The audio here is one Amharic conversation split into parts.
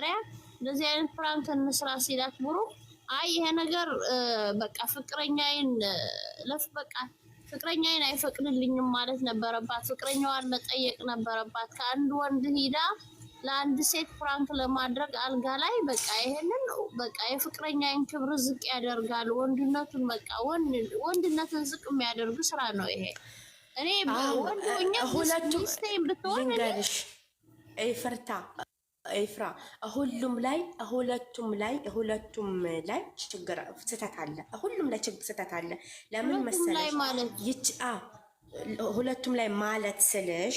መጀመሪያ እንደዚህ አይነት ፕራንክ እንስራ ሲላት ብሩ አይ ይሄ ነገር በቃ ፍቅረኛዬን ለፍ በቃ ፍቅረኛዬን አይፈቅድልኝም ማለት ነበረባት። ፍቅረኛዋን መጠየቅ ነበረባት። ከአንድ ወንድ ሂዳ ለአንድ ሴት ፕራንክ ለማድረግ አልጋ ላይ በቃ ይሄንን በቃ የፍቅረኛዬን ክብር ዝቅ ያደርጋል። ወንድነቱን በቃ ወንድነትን ዝቅ የሚያደርግ ስራ ነው ይሄ። እኔ ወንድ ሆኜ ሚስቴ ብትሆን ይፈርታ ኤፍራ ሁሉም ላይ ሁለቱም ላይ ሁለቱም ላይ ችግር ስህተት አለ። ሁሉም ላይ ችግር ስህተት አለ። ለምን መሰለሽ ሁለቱም ላይ ማለት ስልሽ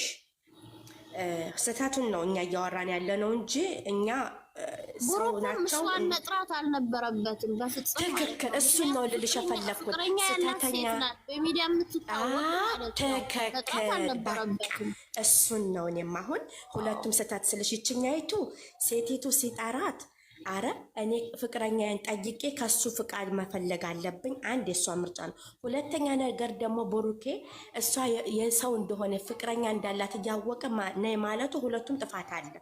ስህተቱን ነው እኛ እያወራን ያለ ነው እንጂ እኛ ሰው መጥራት አልነበረበትም። በፍጹም ትክክል። እሱን ነው ልልሽ የፈለግኩት ስህተተኛ ትክክል፣ እሱን ነው እኔም አሁን ሁለቱም ስህተት ስልሽ ይችኛይቱ ሴቲቱ ሲጠራት አረ እኔ ፍቅረኛዬን ጠይቄ ከሱ ፍቃድ መፈለግ አለብኝ። አንድ የእሷ ምርጫ ነው። ሁለተኛ ነገር ደግሞ ብሩኬ እሷ የሰው እንደሆነ ፍቅረኛ እንዳላት እያወቀ ነይ ማለቱ ሁለቱም ጥፋት አለ።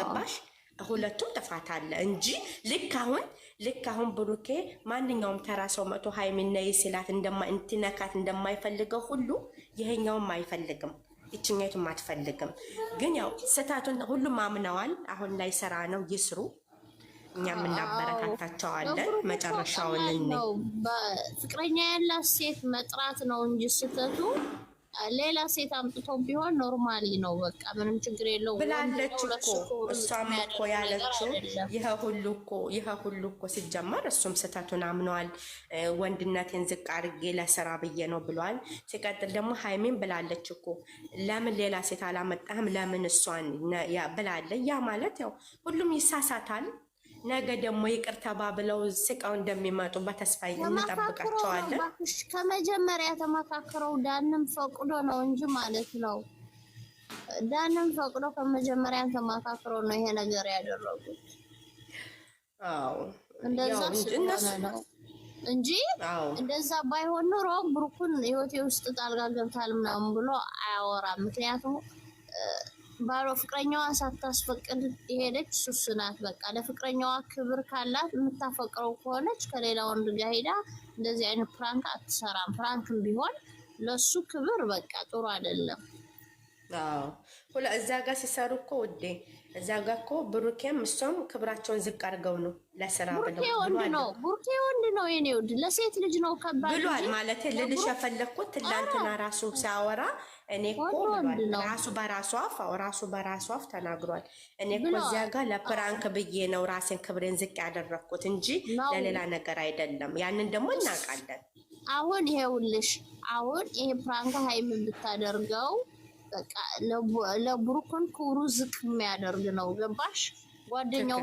ገባሽ? ሁለቱም ጥፋት አለ እንጂ ልክ አሁን ልክ አሁን ብሩኬ ማንኛውም ተራ ሰው መቶ ሀይሚን ነይ ሲላት እንትነካት እንደማይፈልገው ሁሉ ይሄኛውም አይፈልግም። ይችኛቱም አትፈልግም። ግን ያው ስህተቱን ሁሉም አምነዋል። አሁን ላይ ስራ ነው፣ ይስሩ። እኛም እናበረታታቸዋለን። መጨረሻውን ነው ፍቅረኛ ያላት ሴት መጥራት ነው እንጂ ስህተቱ ሌላ ሴት አምጥቶ ቢሆን ኖርማሊ ነው፣ በቃ ምንም ችግር የለው ብላለች እኮ እሷም እኮ ያለችው ይህ ሁሉ እኮ ይህ ሁሉ እኮ ሲጀመር እሱም ስህተቱን አምነዋል። ወንድነቴን ዝቅ አድርጌ ለስራ ብዬ ነው ብሏል። ሲቀጥል ደግሞ ሀይሜን ብላለች እኮ ለምን ሌላ ሴት አላመጣህም ለምን እሷን ብላለ። ያ ማለት ያው ሁሉም ይሳሳታል። ነገ ደግሞ ይቅር ተባብለው ስቀው እንደሚመጡ በተስፋ እንጠብቃቸዋለን። ከመጀመሪያ ተመካክረው ዳንም ፈቅዶ ነው እንጂ ማለት ነው። ዳንም ፈቅዶ ከመጀመሪያ ተመካክረው ነው ይሄ ነገር ያደረጉት። እንጂ እንደዛ ባይሆን ኑሮ ብሩኩን ህይወቴ ውስጥ ጣልቃ ገብታል ምናምን ብሎ አያወራም። ምክንያቱም ባሮ ፍቅረኛዋ ሳታስፈቅድ የሄደች ሱስ ናት። በቃ ለፍቅረኛዋ ክብር ካላት የምታፈቅረው ከሆነች ከሌላ ወንድ ጋር ሄዳ እንደዚህ አይነት ፕራንክ አትሰራም። ፕራንክም ቢሆን ለሱ ክብር በቃ ጥሩ አይደለም። ሁላ እዛ ጋር ሲሰሩ እኮ ውዴ፣ እዛ ጋር እኮ ብሩኬም እሷም ክብራቸውን ዝቅ አድርገው ነው ለስራ ብለው ወንድ ነው ብሩኬ ወንድ ነው የኔ ውድ፣ ለሴት ልጅ ነው ከባድ ብሏል። ማለት ልልሽ የፈለግኩት ትላንትና ራሱ ሲያወራ እኔ እኮ ራሱ በራሱ አፍ አዎ፣ ራሱ በራሱ አፍ ተናግሯል። እኔ እኮ እዚያ ጋር ለፕራንክ ብዬ ነው ራሴን ክብሬን ዝቅ ያደረግኩት እንጂ ለሌላ ነገር አይደለም። ያንን ደግሞ እናውቃለን። አሁን ይሄውልሽ፣ አሁን ይሄ ፕራንክ ሀይም ብታደርገው በቃ ለብሩክን ክብሩ ዝቅ የሚያደርግ ነው። ገባሽ? ጓደኛው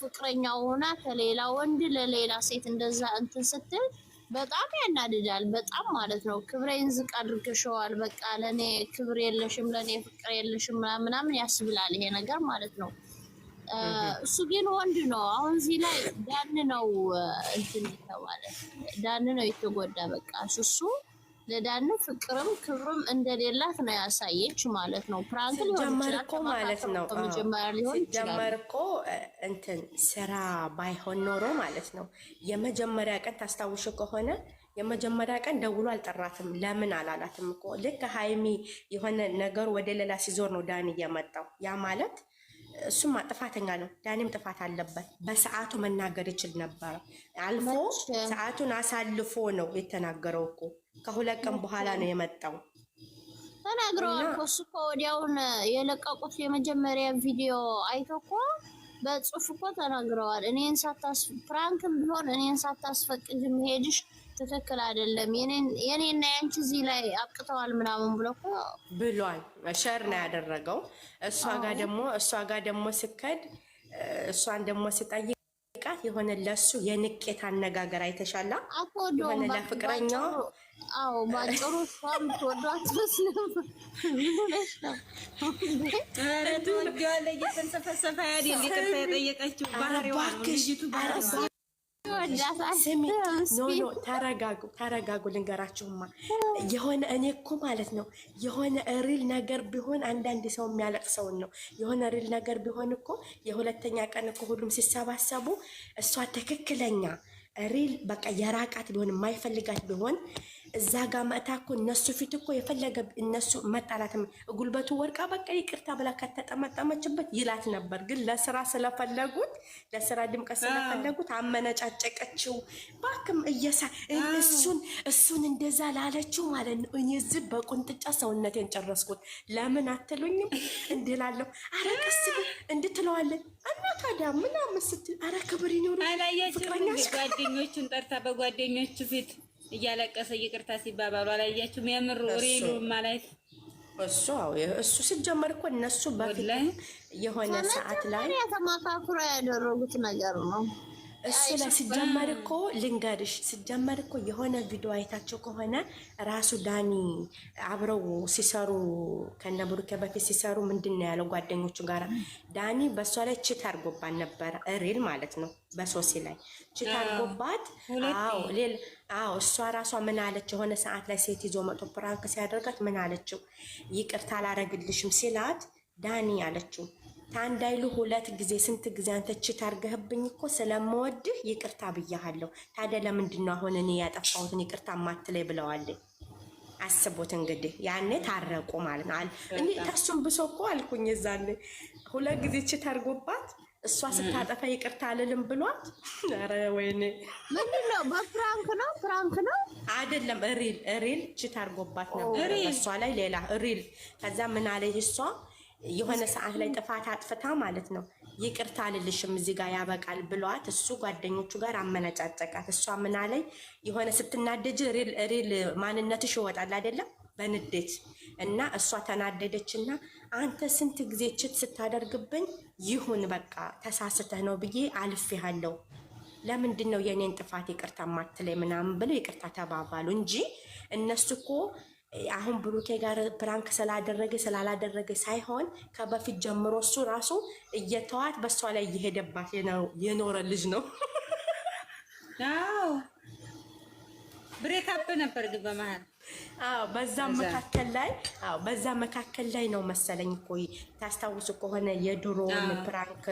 ፍቅረኛው ሆና ከሌላ ወንድ ለሌላ ሴት እንደዛ እንትን ስትል በጣም ያናድዳል። በጣም ማለት ነው። ክብሬን ዝቅ አድርገሸዋል። በቃ ለእኔ ክብር የለሽም፣ ለእኔ ፍቅር የለሽም ምናምን ያስብላል ይሄ ነገር ማለት ነው። እሱ ግን ወንድ ነው። አሁን እዚህ ላይ ዳን ነው እንትን የተባለ ዳን ነው የተጎዳ በቃ እሱ ለዳነ ፍቅርም ክብርም እንደሌላት ነው ያሳየች ማለት ነው። ፕራንክ ጀመር ማለት ነው። መጀመሪያ ሊሆን ጀመር እኮ እንትን ስራ ባይሆን ኖሮ ማለት ነው። የመጀመሪያ ቀን ታስታውሽ ከሆነ የመጀመሪያ ቀን ደውሎ አልጠራትም። ለምን አላላትም እኮ ልክ ሀይሚ የሆነ ነገር ወደ ሌላ ሲዞር ነው ዳኒ እየመጣው ያ ማለት እሱም ጥፋተኛ ነው፣ ዳኒም ጥፋት አለበት። በሰዓቱ መናገር ይችል ነበረ። አልፎ ሰዓቱን አሳልፎ ነው የተናገረው እኮ ከሁለት ቀን በኋላ ነው የመጣው። ተናግረዋል እኮ እሱ እኮ ወዲያውን የለቀቁት የመጀመሪያ ቪዲዮ አይቶ እኮ በጽሁፍ እኮ ተናግረዋል። እኔን ሳታስ ፕራንክም ቢሆን እኔን ሳታስፈቅጅ መሄድሽ ትክክል አይደለም፣ የኔና ያንቺ እዚህ ላይ አብቅተዋል ምናምን ብሎ እኮ ብሏል። ሸር ነው ያደረገው። እሷ ጋር ደግሞ እሷ ጋር ደግሞ ስከድ እሷን ደግሞ ስጠይቃት የሆነ ለሱ የንቄት አነጋገር አይተሻላ የሆነ ለፍቅረኛው አዎ ባጭሩ ሻም ተወዷት ተረጋጉ፣ ተረጋጉ። ልንገራችሁማ የሆነ እኔ እኮ ማለት ነው የሆነ ሪል ነገር ቢሆን አንዳንድ ሰው የሚያለቅሰውን ነው። የሆነ ሪል ነገር ቢሆን እኮ የሁለተኛ ቀን እኮ ሁሉም ሲሰባሰቡ እሷ ትክክለኛ ሪል በቃ የራቃት ቢሆን የማይፈልጋት ቢሆን እዛ ጋር መታ እኮ እነሱ ፊት እኮ የፈለገ እነሱ መጣላት ጉልበቱ ወርቃ በቃ ይቅርታ ብላ ከተጠመጠመችበት ይላት ነበር። ግን ለስራ ስለፈለጉት ለስራ ድምቀት ስለፈለጉት አመነጫጨቀችው። ባክም እየሳ እሱን እሱን እንደዛ ላለችው ማለት ነው። እኔ እዚህ በቁንጥጫ ሰውነቴን ጨረስኩት። ለምን አትሉኝም? እንድላለሁ አረ ቀስ እንድ እና ታዲያ ምናምን ስትል አረ ክብር ይኖሩ ፍቅረኛ ጓደኞቹን ጠርታ በጓደኞቹ ፊት እያለቀሰ ይቅርታ ሲባባሉ አላያችሁም? የምሩ ሪሉ ማለት እሱ እሱ ሲጀመር እኮ እነሱ በፊት የሆነ ሰዓት ላይ ተማካክሮ ያደረጉት ነገር ነው። እሱ ላይ ሲጀመር እኮ ልንገርሽ፣ ሲጀመር እኮ የሆነ ቪዲዮ አይታቸው ከሆነ ራሱ ዳኒ አብረው ሲሰሩ ከነ ብሩኬ በፊት ሲሰሩ ምንድን ነው ያለው ጓደኞቹ ጋራ ዳኒ በእሷ ላይ ችት አርጎባት ነበረ። ሪል ማለት ነው። በሶሲ ላይ ችት አርጎባት አዎ ሌላ አዎ እሷ ራሷ ምን አለች? የሆነ ሰዓት ላይ ሴት ይዞ መጥቶ ፕራንክ ሲያደርጋት ምን አለችው? ይቅርታ አላረግልሽም ሲላት ዳኒ አለችው ታንዳይሉ ሁለት ጊዜ ስንት ጊዜ አንተ ቺት አርገህብኝ እኮ ስለምወድህ ይቅርታ ብያሃለሁ። ታዲያ ለምንድን ነው አሁን እኔ ያጠፋሁትን ይቅርታ ማትለይ ብለዋለኝ። አስቦት እንግዲህ ያኔ ታረቁ ማለት ነው። እኔ ከሱም ብሶ እኮ አልኩኝ ዛኔ ሁለት ጊዜ ቺት አርጎባት እሷ ስታጠፋ ይቅርታ አልልም ብሏት። ኧረ ወይኔ ምንድን ነው? በፍራንክ ነው ፍራንክ ነው አይደለም። ሪል ሪል ችት አድርጎባት ነበር እሷ ላይ ሌላ ሪል። ከዛ ምን አለች እሷ የሆነ ሰዓት ላይ ጥፋት አጥፍታ ማለት ነው ይቅርታ አልልሽም እዚህ ጋር ያበቃል ብሏት፣ እሱ ጓደኞቹ ጋር አመነጫጨቃት። እሷ ምን አለኝ የሆነ ስትናደጅ ሪል ማንነትሽ ይወጣል አይደለም በንዴት እና እሷ ተናደደች እና አንተ ስንት ጊዜ ችት ስታደርግብኝ ይሁን በቃ ተሳስተህ ነው ብዬ አልፌሃለሁ። ለምንድን ነው የእኔን ጥፋት ይቅርታ ማትለኝ ምናምን ብለው ይቅርታ ተባባሉ እንጂ እነሱ እኮ አሁን ብሩኬ ጋር ፕራንክ ስላደረገ ስላላደረገ ሳይሆን ከበፊት ጀምሮ እሱ ራሱ እየተዋት በእሷ ላይ እየሄደባት የኖረ ልጅ ነው። ብሬካፕ ነበር ግን በመሀል በዛ መካከል ላይ በዛ መካከል ላይ ነው መሰለኝ እኮ ታስታውሱ ከሆነ የድሮውን ፕራንክ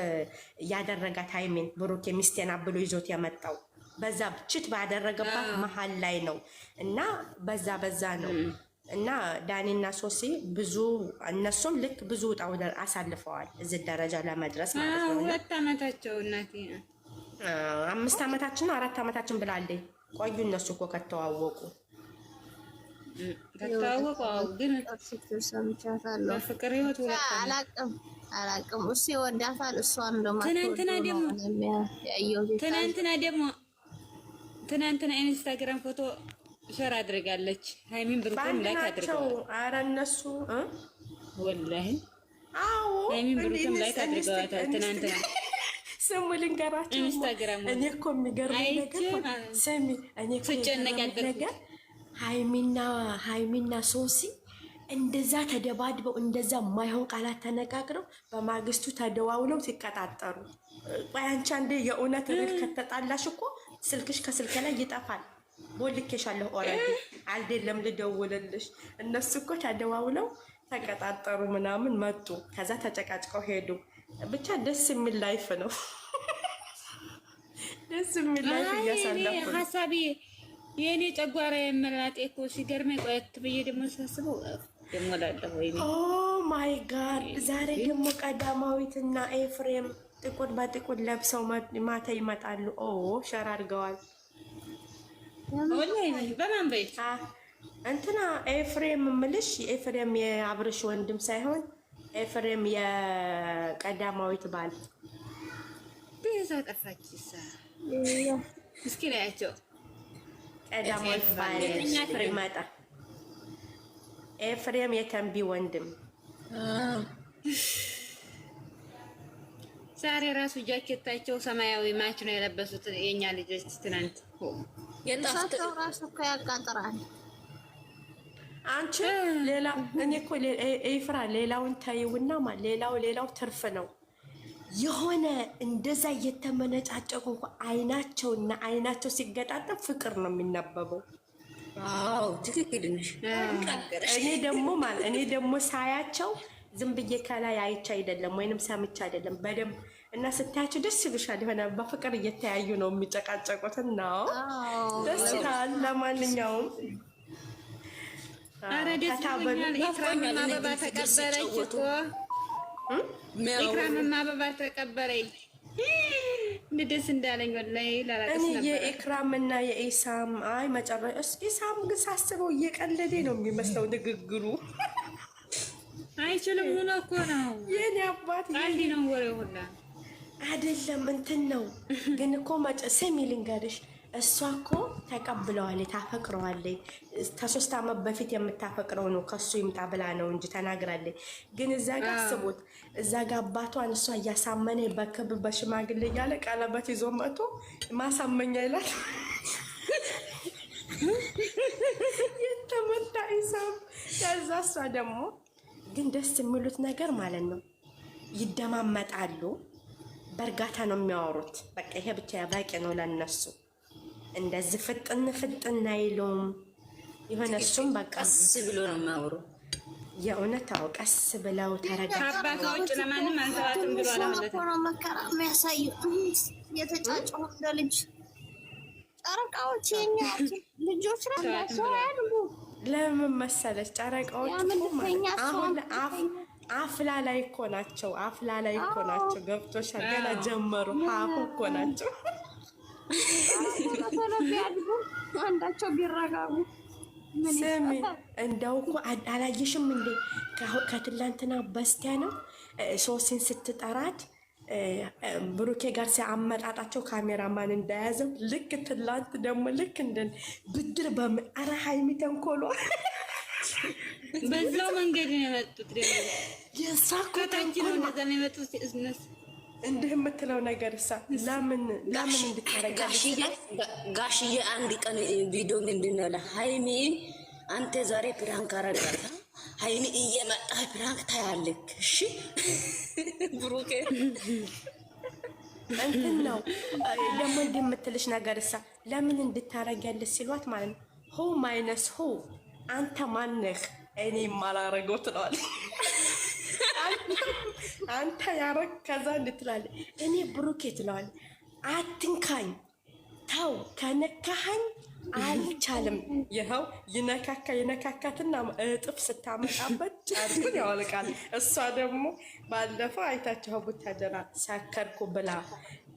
ያደረጋት ሃይሜን ብሩክ የሚስቴና ብሎ ይዞት የመጣው በዛ ችት ባደረገባት መሀል ላይ ነው እና በዛ በዛ ነው እና ዳኔና ሶሲ ብዙ እነሱም ልክ ብዙ ውጣ ውረድ አሳልፈዋል እዚህ ደረጃ ለመድረስ ማለት ነው። ሁለት ዓመታቸው እናቴ አምስት ዓመታችን ነው አራት ዓመታችን ብላለች። ቆዩ እነሱ እኮ ከተዋወቁ ከተዋወቁ ግን በፍቅር ትናንትና ደግሞ ትናንትና ኢንስታግራም ፎቶ ሸር አድርጋለች። ሃይሚን ብሩክም ላይ ታድርጋለች። አረ እነሱ ወላሂ አዎ፣ ትናንትና ስሙ ልንገራቸው። ኢንስታግራም እኔ እኮ የሚገርመኝ ነገር ስሚ፣ እኔ እኮ ስጨነቅ ያደርኩት ሀይሚና ሀይሚና ሶሲ እንደዛ ተደባድበው እንደዛ ማይሆን ቃላት ተነጋግረው በማግስቱ ተደዋውለው ሲቀጣጠሩ፣ ቆይ አንቺ አንዴ የእውነት ሪል ከተጣላሽ እኮ ስልክሽ ከስልክ ላይ ይጠፋል። ሞልኬሻለሁ ኦልሬዲ አልደለም ልደውልልሽ። እነሱ እኮ ተደዋውለው ተቀጣጠሩ ምናምን መጡ፣ ከዛ ተጨቃጭቀው ሄዱ። ብቻ ደስ የሚል ላይፍ ነው። ደስ የሚል ላይፍ እያሳለፉ የኔ ጨጓራ የመላጤ እኮ ሲገርመኝ፣ ቆየት ብዬ ደግሞ ሳስበው ደግሞ ወይ ኦ ማይ ጋድ! ዛሬ ደግሞ ቀዳማዊትና ኤፍሬም ጥቁር በጥቁር ለብሰው ማታ ይመጣሉ። ኦ oh, ሸር አድርገዋል። በማን ቤት እንትና ኤፍሬም ምልሽ ኤፍሬም የአብርሽ ወንድም ሳይሆን ኤፍሬም የቀዳማዊት ባል ቤዛ ጠፋች። እስኪ ናያቸው ኤፍሬም የተንቢ ወንድም ዛሬ ራሱ ጃኬታቸው ሰማያዊ ማች ነው የለበሱት የኛ ልጆች። ትናንት ራሱ እኮ ያቃጥራል። አንቺ ሌላ እኔ እኮ ኤፍራ ሌላውን ታይውና ሌላው ሌላው ትርፍ ነው። የሆነ እንደዛ እየተመነጫጨቁ እንኳ አይናቸው እና አይናቸው ሲገጣጠም ፍቅር ነው የሚነበበው። አዎ ትክክል ነሽ። እኔ ደግሞ ማለት እኔ ደግሞ ሳያቸው ዝም ብዬ ከላይ አይቼ አይደለም ወይንም ሰምቼ አይደለም በደንብ እና ስታያቸው ደስ ይሉሻል። የሆነ በፍቅር እየተያዩ ነው የሚጨቃጨቁት እና ደስ ይላል። ለማንኛውም ኧረ ደስ ይለኛል። ኤፍራም አበባ ተቀበረች እኮ ኢክራምማ በባል ተቀበረኝ ደስ እንዳለኝ ወላሂ ላላቀስ ነበር። እና የኢሳም አይ መጨረሻ ኢሳም ግን ሳስበው እየቀለደ ነው የሚመስለው ንግግሩ። አይችልም ሆኖ እኮ ነው የኔ አባት አንድ ነው ወሬው ሁላ አይደለም እንትን ነው ግን እኮ መጨ ስሚ ልንገርሽ እሷ እኮ ተቀብለዋለች፣ ታፈቅረዋለች። ከሶስት ዓመት በፊት የምታፈቅረው ነው ከሱ ይምጣ ብላ ነው እንጂ ተናግራለች። ግን እዛ ጋ አስቡት፣ እዛ ጋ አባቷን እሷ እያሳመነ በክብ በሽማግሌ እያለ ቀለበት ይዞ መጥቶ ማሳመኛ ይላል። የተመታ ሂሳብ። ከዛ እሷ ደግሞ ግን ደስ የሚሉት ነገር ማለት ነው ይደማመጣሉ። በእርጋታ ነው የሚያወሩት። በቃ ይሄ ብቻ ያባቂ ነው ለነሱ። እንደዚህ ፍጥን ፍጥን አይሉም። የሆነ እሱም በቃ ቀስ ብሎ ነው የሚያወሩ። የእውነት አዎ፣ ቀስ ብለው ለምን መሰለሽ ጨረቃዎች አፍላ ላይ እኮ ናቸው። አፍላ ላይ እኮ ናቸው። ገብቶሻል? ገና ጀመሩ። ሀሁ እኮ ናቸው አንዳቸው ቢረጋጉ ስሚ እንደው እኮ አላየሽም እንዴ? ከትላንትና በስቲያ ነው ሶስትን ስትጠራት ብሩኬ ጋር ሲያመጣጣቸው ካሜራማን እንደያዘው ልክ ትላንት ደግሞ ልክ እንደ ብድር በምአረ ሀይሚ ተንኮሏ በዛው መንገድ ነው የመጡት። ደግሞ የእሷ እኮ ተንኮሏ ነው የመጡት እንዲህ የምትለው ነገር እሳ ለምን ለምን እንድታረጋ ጋሽዬ አንድ ቀን ቪዲዮ እንድንላ ሀይሚ አንተ ዛሬ ፕራንክ አረጋታ ሀይሚ እየመጣ ፕራንክ ታያለክ። እሺ ብሩኬ እንትን ነው ደግሞ እንዲህ የምትልሽ ነገር እሳ ለምን እንድታረጊያለሽ ሲሏት ማለት ነው ሆ ማይነስ ሆ አንተ ማነህ እኔ ማላረገው ትለዋል አንተ ያረግ ከዛ እንድትላለ እኔ ብሩኬ ትለዋል። አትንካኝ፣ ተው፣ ከነካሃኝ አልቻልም። ይኸው ይነካካ ይነካካትና እጥፍ ስታመጣበት ጫርቁን ያወልቃል። እሷ ደግሞ ባለፈው አይታቸው ቡታደራ ሳከርኩ ብላ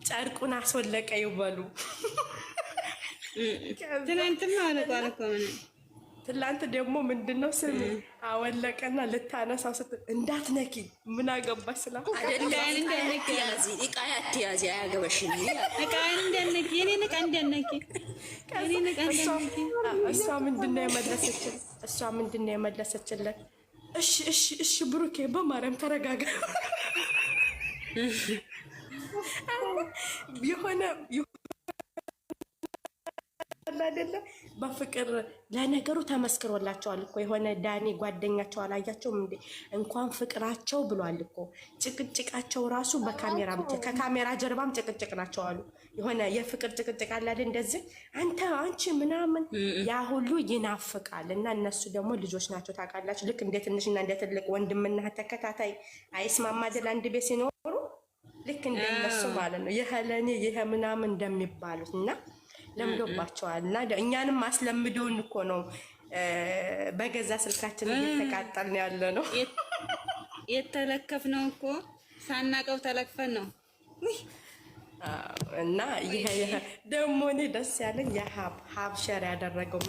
ጨርቁን አስወለቀ ይበሉ ትናንትና አለቋል እኮ ምን ትላንት ደግሞ ምንድን ነው ስም አወለቀና ልታነሳው ስትል እንዳትነኪ ምን አገባሽ ስላእሷ እቃዬን እንዳትነኪ እሷ ምንድን የመለሰችል እሷ ምንድን የመለሰችለን እሺ እሺ እሺ ብሩኬ በማርያም ተረጋጋ የሆነ አለ አይደለ? በፍቅር ለነገሩ ተመስክሮላቸዋል እኮ የሆነ ዳኔ ጓደኛቸው አላያቸውም እንዴ? እንኳን ፍቅራቸው ብሏል እኮ ጭቅጭቃቸው ራሱ በካሜራ ከካሜራ ጀርባም ጭቅጭቅ ናቸው አሉ። የሆነ የፍቅር ጭቅጭቅ አለ አይደል? እንደዚህ አንተ አንቺ ምናምን ያ ሁሉ ይናፍቃል። እና እነሱ ደግሞ ልጆች ናቸው ታውቃላችሁ። ልክ እንደ ትንሽና እንደ ትልቅ ወንድምና ተከታታይ አይስማማ አይደል? አንድ ቤት ሲኖሩ ልክ እንደነሱ ማለት ነው የህለኔ ይሄ ምናምን እንደሚባሉት እና ለምዶባቸዋል እና እኛንም አስለምደውን እኮ ነው በገዛ ስልካችን እየተቃጠልን ያለ ነው። የተለከፍ ነው እኮ ሳናቀው ተለክፈን ነው እና ደግሞ እኔ ደስ ያለኝ የሀብ ሀብ ሸር ያደረገው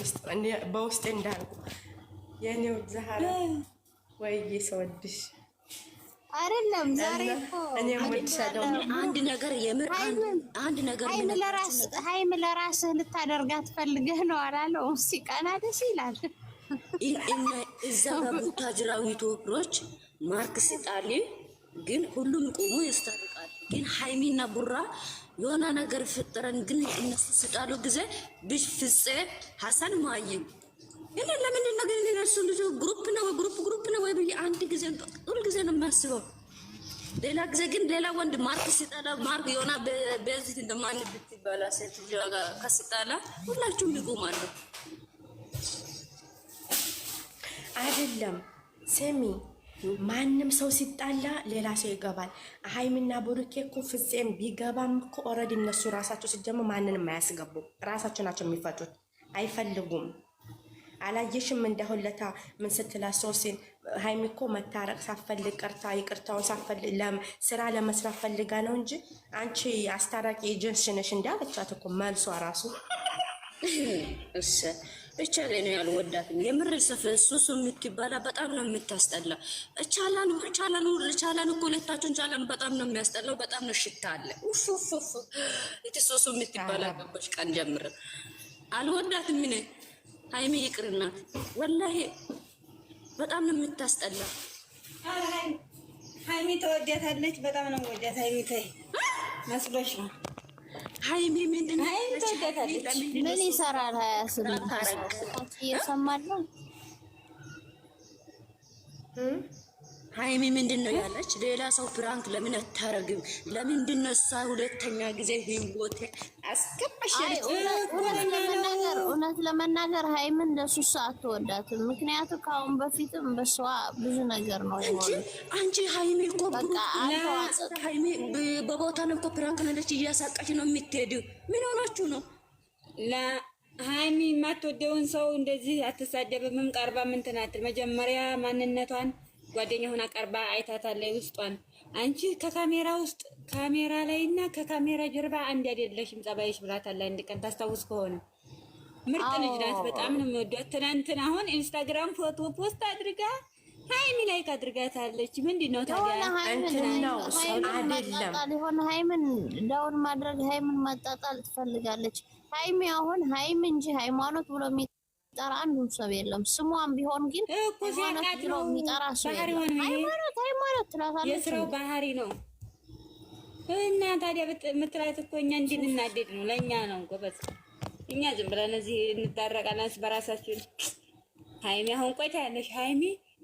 በውስጤ እንዳልኩ የኔው ዛሃራ ወይ ሰወድሽ አይደለም ዛሬ እኮ አንድ ነገር የምር አንድ ነገር ሀይም ለራስህ ልታደርጋት ፈልገህ ነው አላለው። ሲቀና ደስ ይላል። እዛ በቡታጅራዊ ኢትዮጵሮች ማርክ ሲጣል ግን ሁሉም ቁሙ ያስታርቃል። ግን ሀይሚና ቡራ የሆነ ነገር ፍጥረን ግን እነሱ ሲጣሉ ጊዜ ብሽ ፍፄ ሀሰን ማይም ግን ለምንድን ነው ግን እነሱ እሱ ልጅ ግሩፕ ነው ግሩፕ ግሩፕ ነው ወይ ብዬ አንድ ጊዜ ሁል ጊዜ ነው የማስበው። ሌላ ጊዜ ግን ሌላ ወንድ ማርክ ሲጣላ ማርክ የሆነ በዚህ እንደማን ብትባላ ሴት ከስጣላ ሁላችሁም ይቆማሉ። አይደለም ስሚ፣ ማንም ሰው ሲጣላ ሌላ ሰው ይገባል። ሀይሚና ብሩኬ እኮ ፍፄም ቢገባም እኮ ኦልሬዲ እነሱ ራሳቸው ሲጀምር ማንንም አያስገቡም። ራሳቸው ናቸው የሚፈጩት፣ አይፈልጉም አላየሽም እንደሁን ለታ ምን ስትላ ሶሲን ሀይሚ እኮ መታረቅ ሳፈልግ ቅርታ ይቅርታውን ሳፈልግ ስራ ለመስራት ፈልጋ ነው እንጂ አንቺ አስታራቂ ኤጀንሲ ነሽ እንዳለቻት እኮ መልሷ ራሱ እሺ እቻሌ ነው ያልወዳትም። የምር ሱሱ የምትባላ በጣም ነው የምታስጠላ። እቻላን እቻላን ውር እቻላን እኮ ሁለታችሁን ቻላን በጣም ነው የሚያስጠላው። በጣም ነው ሽታ አለ። ኡፍ ኡፍ ኡፍ ሱሱ የምትባላ ገባሽ ቀን ጀምር አልወዳትም እኔ ሀይሚ ይቅርና ወላሂ በጣም ነው የምታስጠላ። ሀይሚ ተወዳታለች። በጣም ነው ወዳት። ሀይሚ ተይ መስሎሽ ነው። ሀይሚ ምንድን ነው ተወዳታለች። ምን ይሰራል? ሀያ ስምንት እየሰማለሁ ሀይሚ ምንድን ነው ያለች? ሌላ ሰው ፕራንክ ለምን አታረግም? ለምንድን ነው እሷ ሁለተኛ ጊዜ ህይወቴ አስገባሽ? እውነት ለመናገር ሀይምን ለሱ አትወዳትም። ምክንያቱ ከአሁን በፊትም በሷ ብዙ ነገር ነው እንጂ አንቺ ሀይሚ እኮ ሀይሚ በቦታ ነው እኮ ፕራንክ ነች፣ እያሳቀች ነው የምትሄደው። ምን ሆናችሁ ነው? ሀይሚ የማትወደውን ሰው እንደዚህ አትሳደብም፣ ቀርባ ምንትናትል መጀመሪያ ማንነቷን ጓደኛ ጓደኛውን አቀርባ አይታታለች ውስጧን። አንቺ ከካሜራ ውስጥ ካሜራ ላይ እና ከካሜራ ጀርባ አንድ አይደለሽም ጸባይሽ ብላታለች። አንድ ቀን ታስታውስ ከሆነ ምርጥ ልጅ ናት። በጣም ነው የምወዷት። ትናንትና አሁን ኢንስታግራም ፎቶ ፖስት አድርጋ ሀይሚ ላይክ አድርጋታለች። ምንድን ነው ታዲያ? የሆነ ሀይምን ዳውን ማድረግ ሀይምን ማጣጣል ትፈልጋለች። ሀይሚ አሁን ሀይም እንጂ ሃይማኖት ብሎ የሚ የሚጠራ አንዱም ሰው የለም። ስሟም ቢሆን ግን ሃይማኖት ብሎ የሚጠራ ሰው ሃይማኖት ሃይማኖት ትላታለች። የስራው ባህሪ ነው እና ታዲያ ምትላት እኮ እኛ እንድንናደድ ነው። ለእኛ ነው ጎበዝ። እኛ ዝም ብለን እዚህ እንዳረቃለን በራሳችን። ሃይሚ አሁን ቆይታ ያለሽ ሃይሚ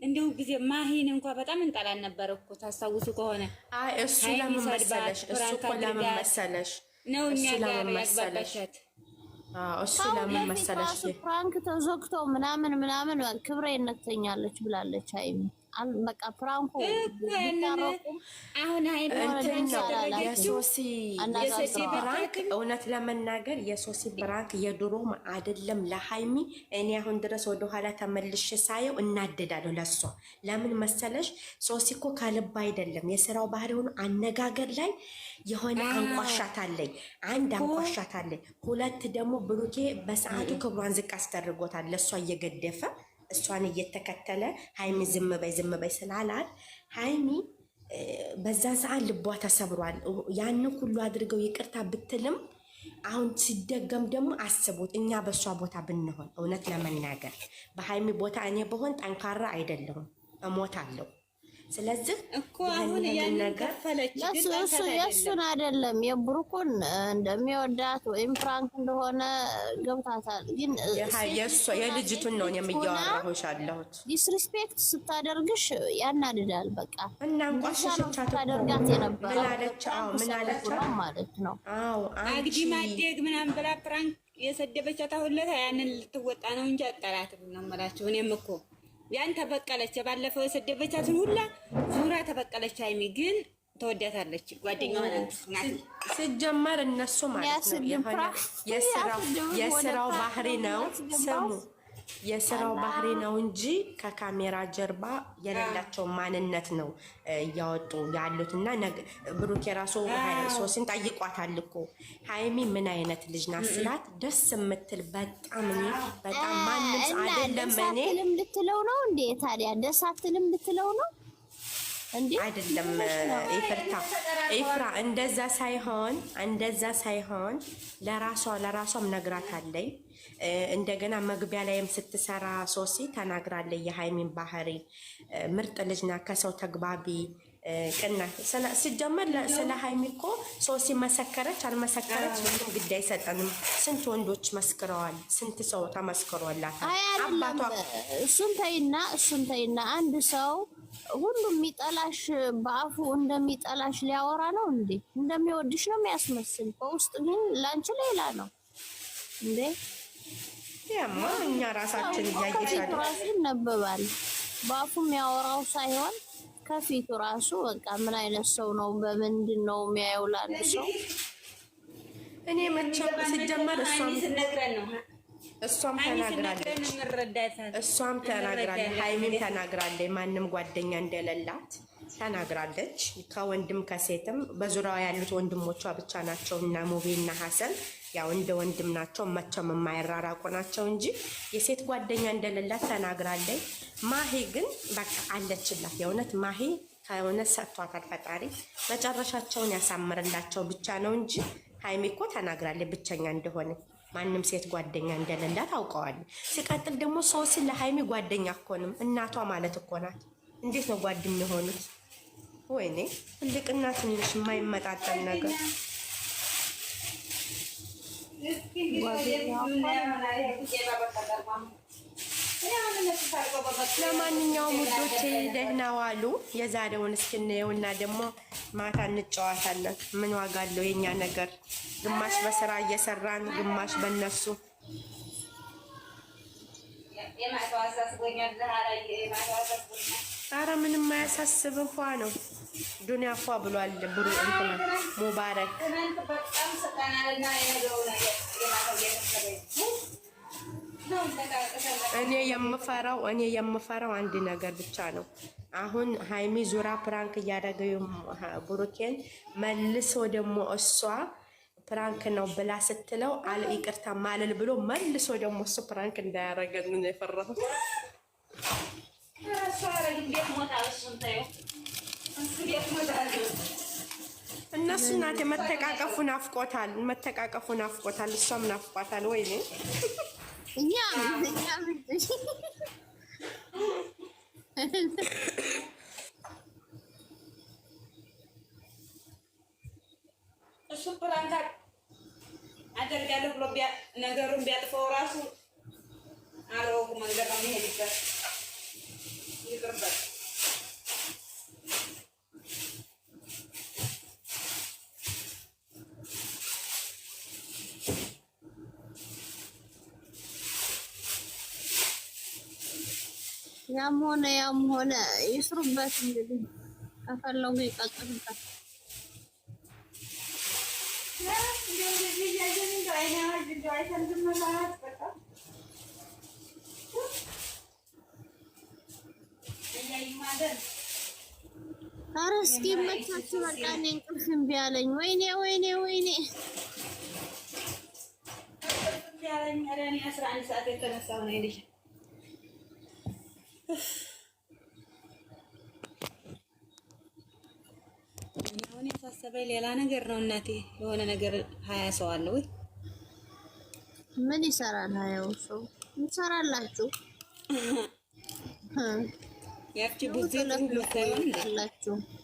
እንዲሁ ጊዜ ማሂን እንኳ በጣም እንጠላን ነበር እኮ ታስታውሱ ከሆነ። አይ እሱ ለምን መሰለሽ፣ እሱ እኮ ለምን መሰለሽ ነው እኛ ጋር ያግባባሻት እሱ ለምን መሰለሽ ፍራንክ ተዘግቶ ምናምን ምናምን ክብሬ ነክተኛለች ብላለች አይሚ በቃ ፕራንኩ አሁን የሶሲ ብራንክ እውነት ለመናገር የሶሲ ብራንክ የድሮም አይደለም። ለሀይሚ እኔ አሁን ድረስ ወደኋላ ተመልሽ ሳየው እናደዳለሁ ለሷ። ለምን መሰለሽ ሶሲ እኮ ከልብ አይደለም የስራው ባህሪ ሆኖ አነጋገር ላይ የሆነ አንቋሻታለኝ። አንድ አንቋሻታለኝ፣ ሁለት ደግሞ ብሩኬ በሰዓቱ ክብሯን ዝቅ አስደርጎታል ለእሷ እየገደፈ እሷን እየተከተለ ሀይሚ ዝም በይ ዝም በይ ስላላት ሀይሚ በዛ ሰዓት ልቧ ተሰብሯል። ያን ሁሉ አድርገው ይቅርታ ብትልም አሁን ሲደገም ደግሞ አስቡት፣ እኛ በእሷ ቦታ ብንሆን እውነት ለመናገር በሀይሚ ቦታ እኔ በሆን ጠንካራ አይደለሁም፣ እሞታለሁ። ስለዚህ እኮ አሁን የእሱን አይደለም የብሩኩን እንደሚወዳት ወይም ፍራንክ እንደሆነ ገብታታል። ግን የልጅቱን ነው የሚያወራሁሽ አለሁት። ዲስሪስፔክት ስታደርግሽ ያናድዳል። በቃ ታደርጋት የነበረ ማለት ነው። አግዲ ማደግ ምናምን ብላ ፍራንክ የሰደበቻት አሁን ለታ ያንን ልትወጣ ነው እንጂ አጠላትም ነው የምላችሁ እኔም እኮ ያን ተበቀለች። ባለፈው የሰደበቻትን ሁላ ዙሪያ ተበቀለች። ሀይሚ ግን ተወዳታለች። ጓደኛ ስጀመር እነሱ ማለት ነው የስራው ባህሪ ነው ስሙ የስራው ባህሪ ነው እንጂ ከካሜራ ጀርባ የሌላቸው ማንነት ነው እያወጡ ያሉት። እና ብሩክ የራሱ ሶስን ጠይቋታል እኮ ሀይሚ ምን አይነት ልጅ ናት ስላት ደስ የምትል በጣም እኔ በጣም ማንም አይደለም እኔ ልትለው ነው እንዴ ታዲያ ደስ አትልም ልትለው ነው አይደለም ይፍርታ ይፍራ፣ እንደዛ ሳይሆን እንደዛ ሳይሆን ለራሷ ለራሷም ነግራታለኝ እንደገና መግቢያ ላይም ስትሰራ ሶሲ ተናግራለ የሃይሚን ባህሪ ምርጥ ልጅ ናት፣ ከሰው ተግባቢ ቅና። ሲጀመር ስለ ሃይሚ እኮ ሶሲ መሰከረች አልመሰከረች ምንም ግድ አይሰጠንም። ስንት ወንዶች መስክረዋል፣ ስንት ሰው ተመስክሮላታል። እሱን ተይና፣ እሱን ተይና። አንድ ሰው ሁሉ የሚጠላሽ በአፉ እንደሚጠላሽ ሊያወራ ነው እንዴ? እንደሚወድሽ ነው የሚያስመስል፣ በውስጥ ግን ላንቺ ሌላ ነው እንዴ? ያማ እኛ ራሳችን እያየሻለ ራሱ ይነበባል። በአፉም ያወራው ሳይሆን ከፊቱ ራሱ በቃ ምን አይነት ሰው ነው? በምንድን ነው የሚያየው? ላንድ ሰው እኔ መቼም ስጀመር እሷም እሷም ተናግራለች እሷም ተናግራለች ሀይሚም ተናግራለች። ማንም ጓደኛ እንደሌላት ተናግራለች። ከወንድም ከሴትም በዙሪያዋ ያሉት ወንድሞቿ ብቻ ናቸው እና ሙቤና ሀሰን ያው እንደ ወንድም ናቸው፣ መቼም የማይራራቁ ናቸው እንጂ የሴት ጓደኛ እንደሌላት ተናግራለች። ማሄ ግን በቃ አለችላት። የእውነት ማሄ ከእውነት ሰጥቷታል ፈጣሪ፣ መጨረሻቸውን ያሳምርላቸው ብቻ ነው እንጂ ሀይሚ እኮ ተናግራለች ብቸኛ እንደሆነ ማንም ሴት ጓደኛ እንደሌላት አውቀዋለሁ። ሲቀጥል ደግሞ ሶሲ ለሀይሚ ጓደኛ አኮንም እናቷ ማለት እኮ ናት። እንዴት ነው ጓድም የሆኑት? ወይኔ ትልቅና ትንሽ የማይመጣጠን ነገር ለማንኛውም ውዶቼ ደህና ዋሉ። የዛሬውን እስክንየውና ደግሞ ማታ እንጫወታለን። ምን ዋጋ አለው የኛ ነገር? ግማሽ በስራ እየሰራን ግማሽ በነሱ አረ ምንም አያሳስብም። ፏ ነው ዱንያ እኮ ብሏል ብሩ እንትና ሙባረክ እኔ የምፈራው እኔ የምፈራው አንድ ነገር ብቻ ነው። አሁን ሃይሚ ዙራ ፕራንክ እያደረገው ብሩኬን መልሶ ደግሞ እሷ ፕራንክ ነው ብላ ስትለው አለ ይቅርታ ማለል ብሎ መልሶ ደግሞ እሱ ፕራንክ እንዳያረገ የፈራሁት። እነሱ እናቴ መተቃቀፉ ናፍቆታል፣ መተቃቀፉ ናፍቆታል፣ እሷም ናፍቋታል። ወይኔ እኛ Monyamona, justru begini akan logika kita. Ya, jadi janganin kalian yang disayang sendiri Ini ada nih asrama di saat itu nasawon aja. ጸበይ ሌላ ነገር ነው እናቴ። የሆነ ነገር ሀያ ሰው አለ ወይ ምን ይሰራል? ሀያው ሰው እንሰራላችሁ። ያቺ ቡዜ ነው